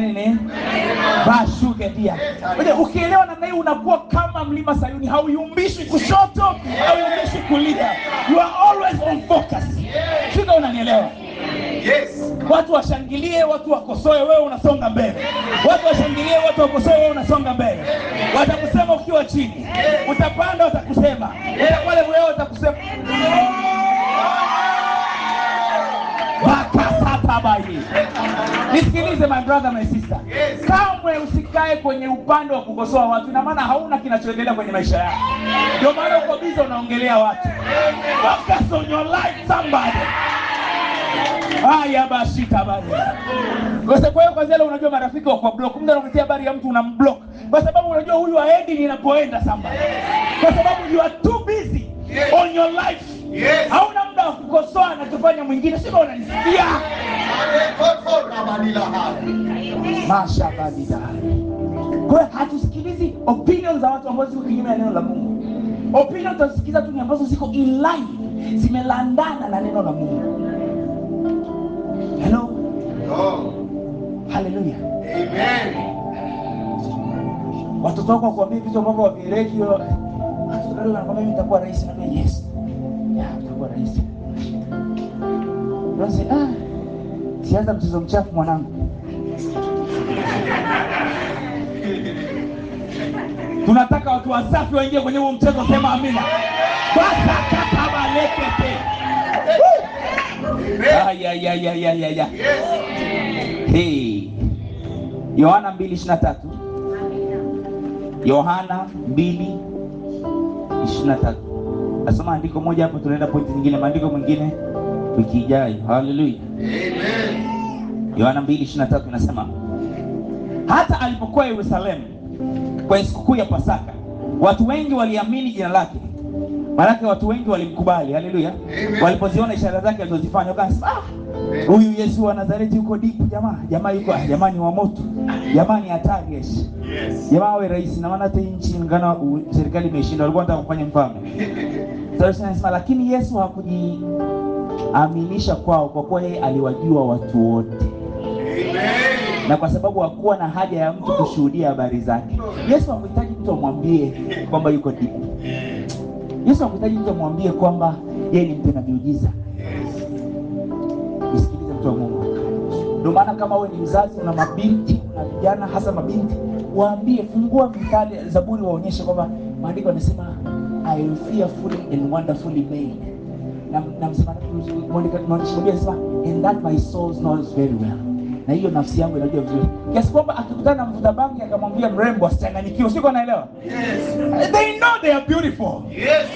nini bashuke pia. Ukielewa namna hii unakuwa kama mlima Sayuni, hauyumbishwi kushoto, hauiumbishi kulia, you are always on focus. Sina unanielewa? Yes. Watu washangilie, watu wakosoe, wewe unasonga mbele. Watu washangilie, watu wakosoe, wewe unasonga mbele. Watakusema ukiwa chini, utapanda, watakusema Nisikilize my brother my sister, yes. Kamwe usikae kwenye upande wa kukosoa watu, ina maana hauna kinachoendelea kwenye maisha yako, ndio maana uko biza unaongelea watu. Focus on your life somebody. Haya basi tabari. Kwa kwa hiyo kwanza leo unajua marafiki wa kwa block. Mtu anakutia habari ya mtu unamblock. Kwa sababu unajua huyu haendi ninapoenda somebody. Kwa sababu you are too busy yes. on your life. Yes. Hauna muda wa kukosoa anachofanya mwingine. Sio unanisikia? Yeah bila haya masha Kwa hiyo hatusikilizi opinion za watu ambao ziko kinyume na neno la Mungu. Opinion tunasikiza tu ni ambazo ziko in line, zimelandana na neno la Mungu. Hello. Oh. Haleluya. Amen. Watoto wako wakuambia vitu ambavyo havieleweki. Watoto wako nitakuwa rais, yes. Ya, utakuwa rais. ah Sianza mchezo mchafu mwanangu, tunataka watu wasafi waingie kwenye huo mchezo. Sema amina. Yohana mbili ishirini tatu Yohana mbili ishirini tatu Nasoma andiko moja hapo, tunaenda pointi nyingine, maandiko mengine wiki ijayo. Haleluya. Amen. Yohana 2:23 inasema hata alipokuwa Yerusalemu kwenye sikukuu ya Pasaka, watu wengi waliamini jina lake. Maanake watu wengi walimkubali, haleluya, walipoziona ishara zake alizozifanya, wakasema ah, huyu Yesu wa Nazareti yuko deep jamaa, jamaa yuko yes. jamani, wa moto jamani, hatari yes, jamaa awe rais na maana, hata nchi ngana serikali imeshinda, walikuwa wanataka kufanya sasa. So, nasema lakini Yesu hakujiaminisha kwao, kwa kuwa yeye aliwajua watu wote. Na kwa sababu hakuwa na haja ya mtu kushuhudia habari zake. Yesu hamhitaji mtu amwambie kwamba yuko dipu. Yesu hamhitaji mtu amwambie kwamba yeye ni mtenda miujiza. Nisikilize mtu wa Mungu. Ndio maana kama wewe ni mzazi una mabinti na vijana hasa mabinti, waambie, fungua Mithali, Zaburi, waonyeshe kwamba maandiko yanasema I fear fully and wonderfully made na, na msemaji mwandishi mwingine anasema and that my soul knows very well na hiyo nafsi yangu inajua vizuri kiasi kwamba akikutana na mvuta bangi akamwambia mrembo asichanganyikiwe, siko naelewa. Yes. They know they are beautiful. Yes.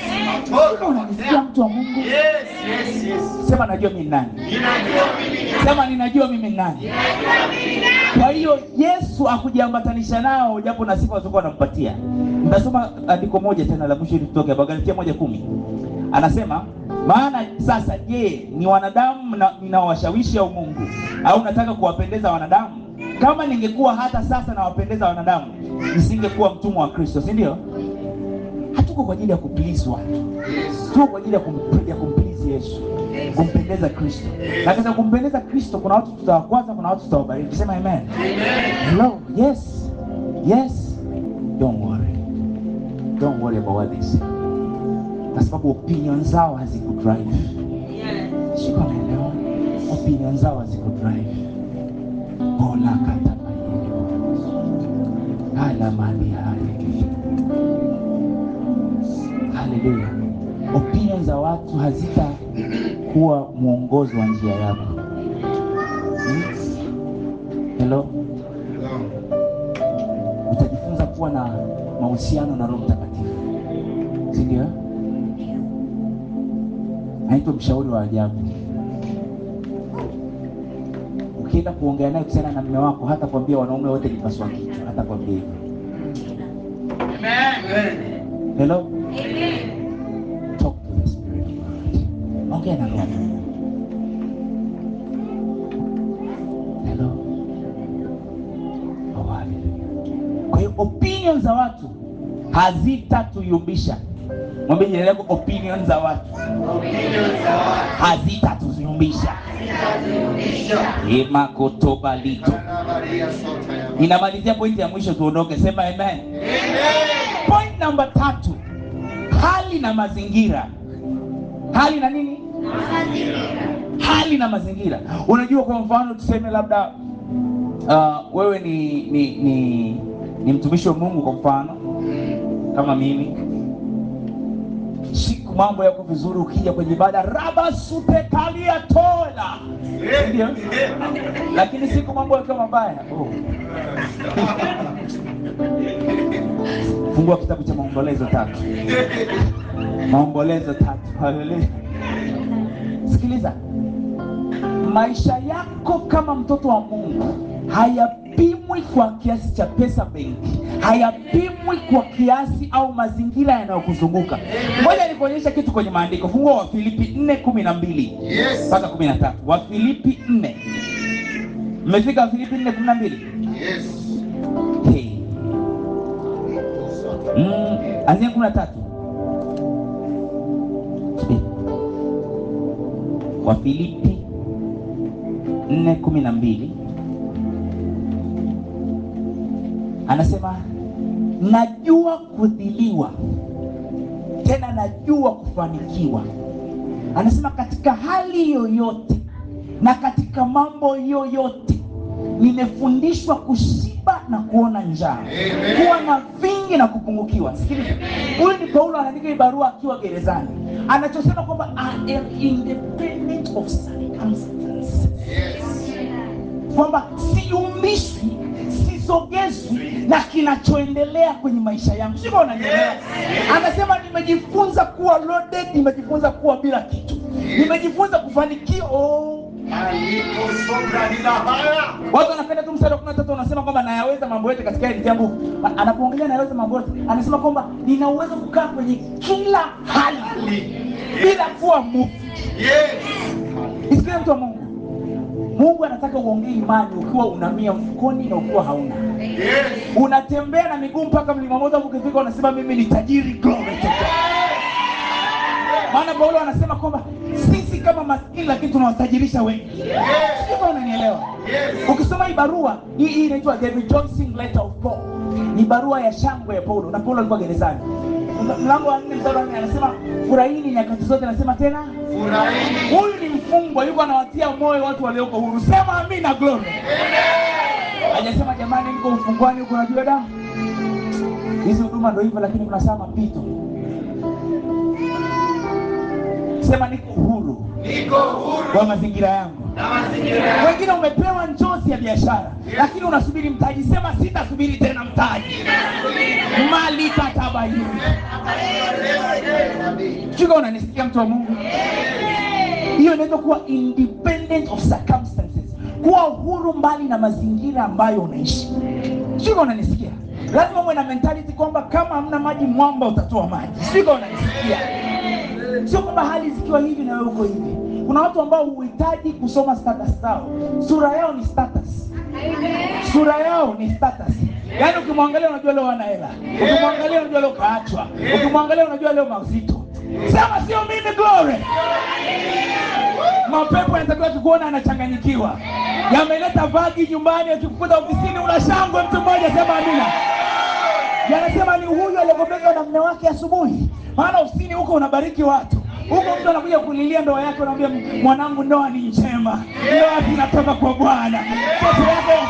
Unanisikia mtu wa Mungu. Yes, yes, yes. Sema najua mimi nani. Ninajua mimi nani. Sema ninajua mimi nani. nani. Kwa hiyo Yesu akujiambatanisha nao japo na sifa walizokuwa wanampatia. Nitasoma andiko moja tena la mwisho ili tutoke moja kumi anasema maana sasa, je, ni wanadamu ninawashawishi au Mungu? Au nataka kuwapendeza wanadamu? Kama ningekuwa hata sasa nawapendeza wanadamu, nisingekuwa mtumwa wa Kristo, si ndio? Hatuko kwa ajili ya kuplizi watu, tuko kwa ajili ya kumplizi Yesu, kumpendeza Kristo. Na katika kumpendeza Kristo kuna watu tutawakwaza, kuna watu tutawabariki. Sema amen. Hello, yes, yes, don't worry, don't worry about this kwa sababu opinion zao drive Siko naelewa, opinion zao drive Bola katabayewa hala mali hali Haleluya. Opinion za watu hazita kuwa mwongozo wa njia yako. Hmm? Hello, utajifunza kuwa na mahusiano na Roho Mtakatifu, si ndio? naitwa mshauri wa ajabu. Ukienda kuongea naye kuhusiana na mume wako, hata kwambia wanaume wote ni paswa kichwa, hata kwambia hivyo. Hello. Talk to the spirit Ongea na Roho. Hello. Oh, Kwa hiyo opinion za watu hazitatuyumbisha. Mwambie jirani yako opinion za watu hazitatuzuyumbisha. Ema kotoba lito. Inamalizia pointi ya mwisho tuondoke, sema amen. Amen. Point namba tatu, hali na mazingira. Hali na nini? Mazingira. Hali na mazingira. Unajua, kwa mfano tuseme labda uh, wewe ni ni, ni ni mtumishi wa Mungu kwa mfano kama mimi mambo yako vizuri, ukija kwenye ibada raba sute ya tola, ndio. Lakini siku mambo yakiwa mabaya oh. Fungua kitabu cha Maombolezo tatu, Maombolezo tatu. Haleluya! Sikiliza, maisha yako kama mtoto wa Mungu haya hayapimwi kwa kiasi cha pesa benki, hayapimwi kwa kiasi au mazingira yanayokuzunguka. moja nikuonyesha kitu kwenye maandiko, fungua Wafilipi 4:12 yes, mpaka 13. Wafilipi 4, mmefika Wafilipi 4:12? Yes. Okay. Mm, anzia 13. Wafilipi 4:12 Anasema najua kudhiliwa, tena najua kufanikiwa. Anasema katika hali yoyote na katika mambo yoyote nimefundishwa kushiba na kuona njaa, kuwa na vingi na kupungukiwa. Sikiliza, huyu ni Paulo anaandika hii barua akiwa gerezani, anachosema kwamba I am independent of circumstances, kwamba siumbishwi sisogezwi na kinachoendelea kwenye maisha yangu sio unanielewa anasema nimejifunza kuwa loaded nimejifunza kuwa bila kitu nimejifunza kufanikiwa oh. watu wanapenda tu mstari wa kumi na tatu wanasema kwamba nayaweza mambo yote katika ilitia nguvu anapoongelea nayaweza mambo yote anasema kwamba nina uwezo kukaa kwenye kila hali bila kuwa mufu yes. Isikie mtu wa mungu Mungu anataka uongee imani ukiwa unamia mfukoni na ukiwa hauna. Yes. Unatembea na miguu mpaka mlima mmoja ukifika unasema mimi ni tajiri glory to God. Maana Paulo anasema kwamba sisi kama maskini lakini tunawatajirisha wengi. Yes. Sio unanielewa? Yes. Ukisoma hii barua hii hii inaitwa The Rejoicing Letter of Paul. Ni barua ya shangwe ya Paulo na Paulo alikuwa gerezani. Mlango wa 4 mstari wa 4 anasema furahini nyakati zote anasema tena furahini. Huyu ni Mungu yuko anawatia moyo watu walioko huru. Sema amina, glory. Hajasema jamani, niko ufungwani huko, najua damu hizi huduma ndio hivyo, lakini kuna saa mapito. Sema niko huru, niko huru kwa mazingira yangu wengine umepewa njozi ya biashara lakini unasubiri mtaji. Sema sitasubiri tena mtaji, mali katabaini. unanisikia mtu wa Mungu? hiyo inaweza kuwa independent of circumstances, kuwa huru mbali na mazingira ambayo unaishi. Sio, unanisikia? Lazima uwe na mentality kwamba kama hamna maji mwamba utatoa maji. Sio, unanisikia? Sio kwamba hali zikiwa hivi na wewe uko hivi. Kuna watu ambao huhitaji kusoma status zao, sura yao ni status, sura yao ni status. Yaani ukimwangalia unajua leo ana hela, ukimwangalia unajua leo kaachwa, ukimwangalia unajua leo mazito Sema sio mimi glory. Mapepo yanatakiwa kukuona anachanganyikiwa, yameleta vagi nyumbani, akikukuta ofisini una shangwe, mtu mmoja sema amina. Yanasema ni huyu aliyogombezwa na mume wake asubuhi, maana ofisini huko unabariki watu huko mtu anakuja kulilia ndoa yake, anamwambia mwanangu, ndoa ni njema, ndoa inatoka kwa Bwana. Kesho yake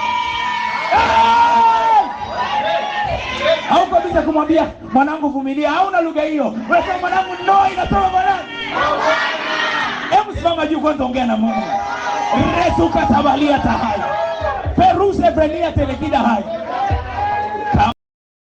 unaweza kumwambia mwanangu vumilia hauna lugha hiyo unasema mwanangu no inasema mwanangu hebu simama juu kwanza ongea na mungu tabalia tahai peruse brenia telekida hai